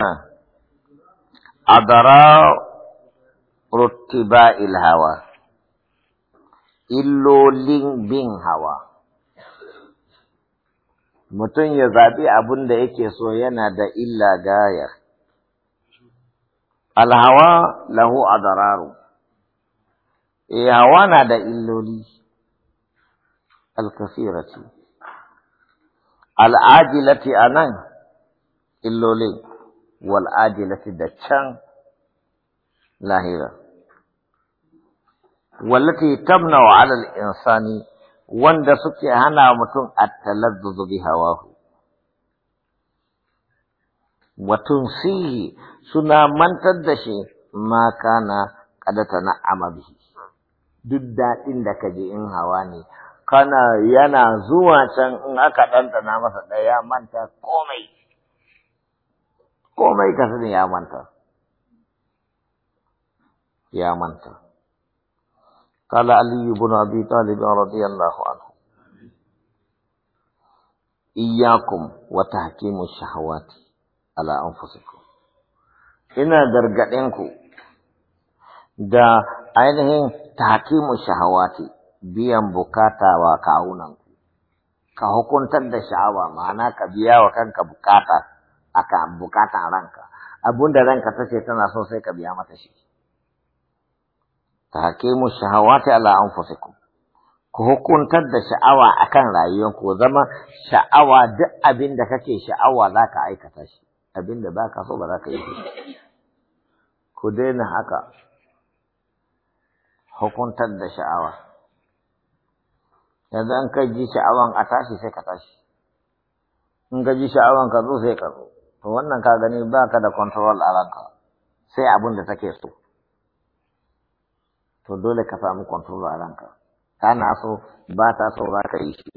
Ah. adara il hawa illolin bin hawa mutum ya zaɓi abin da yake so yana da illa gaya alhawa lahu adararu eh hawa na da illoli alkafiratu al'ajilati anan illolin wal adilati da can lahira wallati tabna wa ala al insani wanda suke hana mutum at-talazzuz bi hawahu watun tunsihi suna mantar da shi ma kana kadata na amabihi duk daɗin da ka ji in hawa ne kana yana zuwa can in aka ɗanɗana masa ɗaya manta komai komai ka sani ya manta ya manta kala ali ibn abi talib radiyallahu anhu iyyakum wa tahkimu shahawati ala anfusikum ina gargaden ku da ainihin tahkimu shahawati biyan bukata wa kawunan ka hukuntar da sha'awa ma'ana ka biya wa kanka bukata aka bukata ranka abun da ranka tace tana so sai ka biya mata shi tahkimu shahawati ala anfusikum ku hukuntar da sha'awa akan ku zama sha'awa duk abin da kake sha'awa za ka aikata shi abin da ba ka so ba za ka yi ku daina haka hukuntar da sha'awa yanzu an ka ji sha'awan a tashi sai ka tashi in ka ji sha'awan ka zo sai ka zo to wannan ka gani ba ka da control a ranka sai abin da take so to dole ka samu control a ranka kana so ba ta so za ka yi shi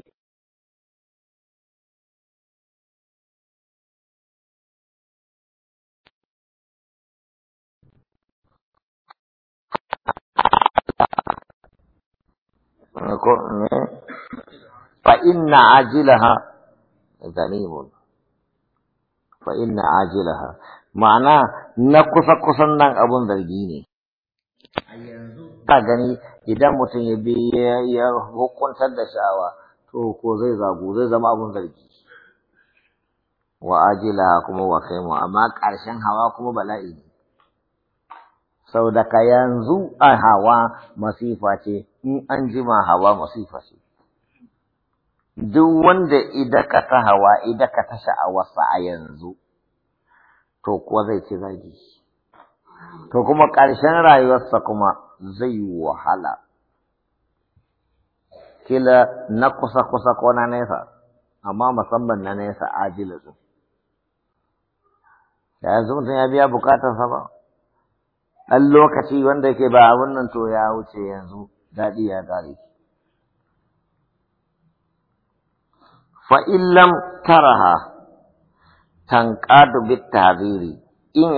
فإن عاجلها fa inna ajilaha ma'ana na kusa kusan nan abun zargi ne a yanzu ka gani idan mutum ya bi ya hukuntar da sha'awa to ko zai zagu zai zama abun zargi wa ajila kuma wa kaimu amma ƙarshen hawa kuma bala'i ne sau ka yanzu a hawa masifa ce in an jima hawa masifa ce duk wanda ka ta hawa ka ta sha'awarsa a yanzu to kuwa zai ci zagi to kuma ƙarshen rayuwarsa kuma zai yi wahala kila na kusa-kusa ko na nesa amma musamman na nesa ajila su yanzu mutum ya biya bukatarsa ba ɗan lokaci wanda yake ba abin nan to ya wuce yanzu daɗi ya ƙare فإن لم ترها تنقاد بالتعذير إن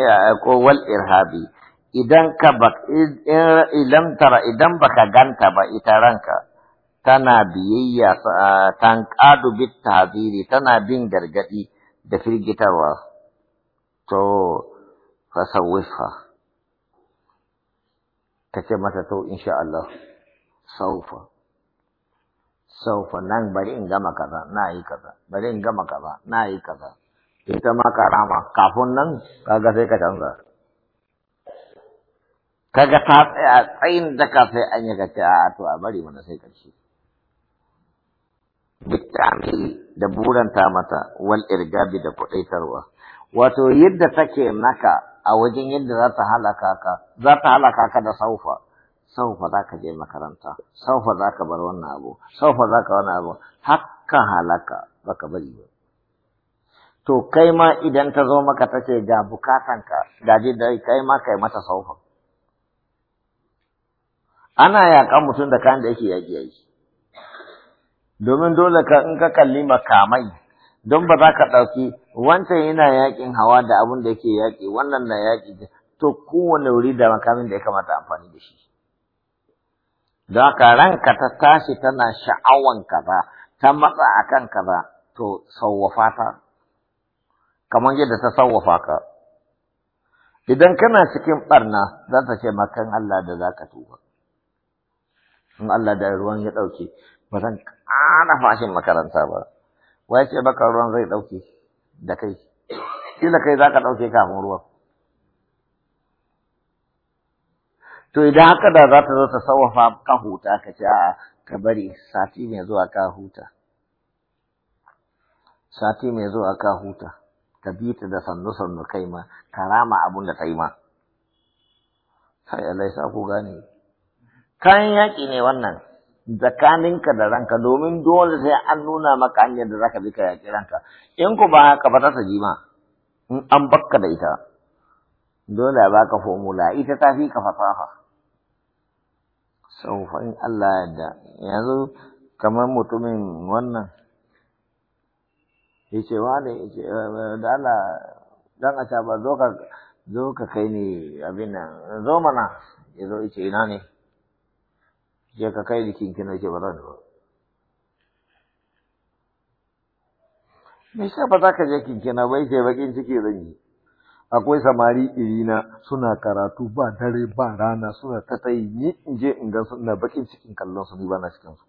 الإرهابي إذا كبك إن لم ترى إذا بك جنت بإترانك تنا بيي تنقاد بالتعذير تنا بين درجتي دفل جتوا تو فسوفها تكمتتو إن شاء الله سوف saufa nan bari in gama kaza na yi kaza bari in gama kaza na yi kaza ita ma karama kafin nan kaga sai ka canza kaga ta tsaya tsayin daka sai an yi ce a to a bari mana sai karshe bitamil da buranta mata wal irgabi da kudaitarwa wato yadda take maka a wajen yadda za ta halaka ka za ta halaka ka da saufa saufa za ka je makaranta saufa za ka bar wannan abu saufa za ka wani abu hakka halaka ba ka bari ba to kai ma idan ta zo maka ta ce ga bukatanka ga da kai ma kai mata saufa ana yaƙan mutum da kayan da yake yaƙi yaƙi domin dole ka in ka kalli makamai don ba za ka ɗauki wancan yana yaƙin hawa da abin da yake yaƙi wannan na yaƙi to kowane wuri da makamin da ya kamata amfani da shi Za ka ranka ta tashi tana sha'awan kaza, ta matsa a kan kaza, to sauwafa ta, kamar yadda ta sauwafa ka. Idan kana cikin ɓarna za ta ce makan Allah da za ka tuba. In Allah da ruwan ya ɗauke, ba zan ƙara fashin makaranta ba. Wai ce baka ruwan zai ɗauke da kai, kila kai za ka ɗauke kafin ruwan. to idan haka da za ta zo ta sawafa ka huta ka ce a ka bari sati mai zuwa ka huta sati mai zuwa ka huta ka bi ta da sannu sannu kai ma ka rama abun da ta yi ma sai Allah ya ku gane kayan yaƙi ne wannan tsakaninka da ranka domin dole sai an nuna maka hanyar da zaka bi ka yaƙi ranka in ku ba ka fata ta jima in an bakka da ita dole a baka formula ita ta fi ka fasaha sau in Allah ya yarda yanzu kamar mutumin wannan ya ce ce da Allah don a ba zo ka zo ka kai ni abin nan zo mana ya zo ya ce ina ne ya ka kai jikin kina ce ba zan ba me shi ba za ka je kinkina ba ce bakin ciki zan yi akwai samari irina suna karatu ba dare ba rana suna ta yi ni in je in ga suna bakin cikin kallon su ni ba na cikin su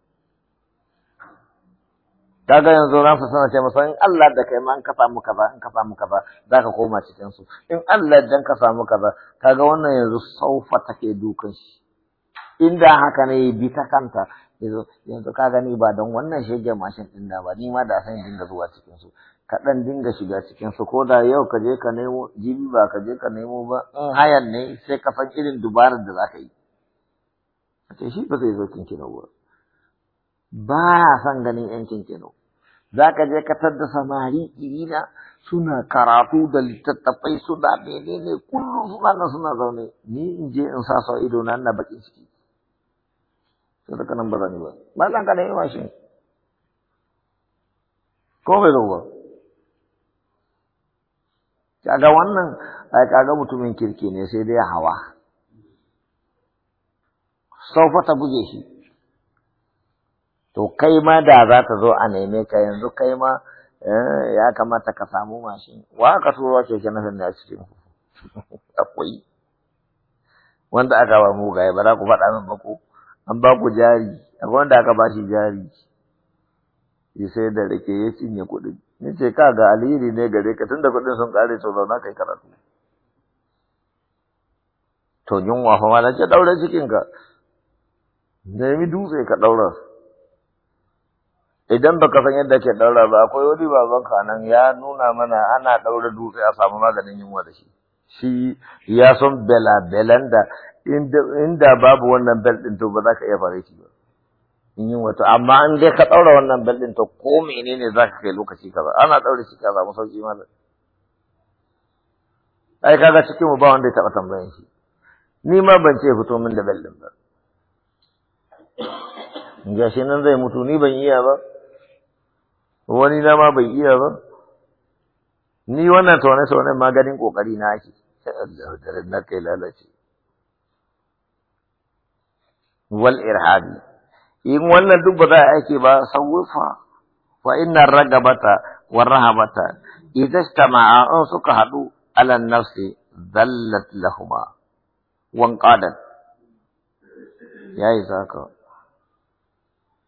kaga yanzu ransa suna ce masa in Allah da kai ma kafa kafa samu kaza kafa ka samu kaza zaka koma cikin su in Allah dan ka samu kaza kaga wannan yanzu saufa take dukan shi inda haka ne bi ta kanta yanzu yanzu ka gani ba don wannan shege mashin din da ba ni ma da san dinga zuwa cikin su ka dinga shiga cikin su ko da yau ka je ka nemo jibi ba ka je ka nemo ba in hayan ne sai ka san irin dubarar da zaka yi a ce shi ba zai zo kinkino ba ba ya san ganin yan kinkino za ka je ka tadda samari irina suna karatu da littattafai suna menene kullum suna nan suna zaune ni in je in sa ido na na bakin ciki sai daga nan ba zan yi ba mallan ka da yi mashin ko bai zo ba kaga wannan ai eh, kaga mutumin kirki ne sai dai hawa saufa ta buge shi to kai ma da za ta zo a neme ka yanzu kai ma eh, ya kamata ka samu mashin wa ka turo keke na sanda a cikin akwai wanda aka ba mugaye ba za ku faɗa min ba ko an ba ku jari akwai wanda aka ba shi jari ya sai da rake ya cinye kuɗi. ni ce ka ga alheri ne gare ka tunda kuɗin sun ƙare to zauna kai karatu to yunwa fa ma ce ɗaure cikinka nemi dutse ka ɗaura idan baka san yadda ke ɗaura ba akwai wani ka nan ya nuna mana ana ɗaura dutse a samu maganin yunwa da shi shi ya san bela belen da inda babu wannan belt din to ba za ka iya fare shi ba in yi wato amma an dai ka ɗaura wannan belt din to ko menene za ka kai lokaci kaza ana ɗaure shi kaza mu sauki ma ai kaga cikin mu ba wanda ya taɓa tambayan shi ni ma ban ce fito min da belt din ba shi nan zai mutu ni ban iya ba wani na ma bai iya ba ni wannan taune-taune ma ganin kokari na ake na kai lalace والارهابي ان ولا دب ذا اكي با صوفا وان الرغبه والرهبه اذا استمع او سكحدو على النفس ذلت لهما وانقادت يا عزاكم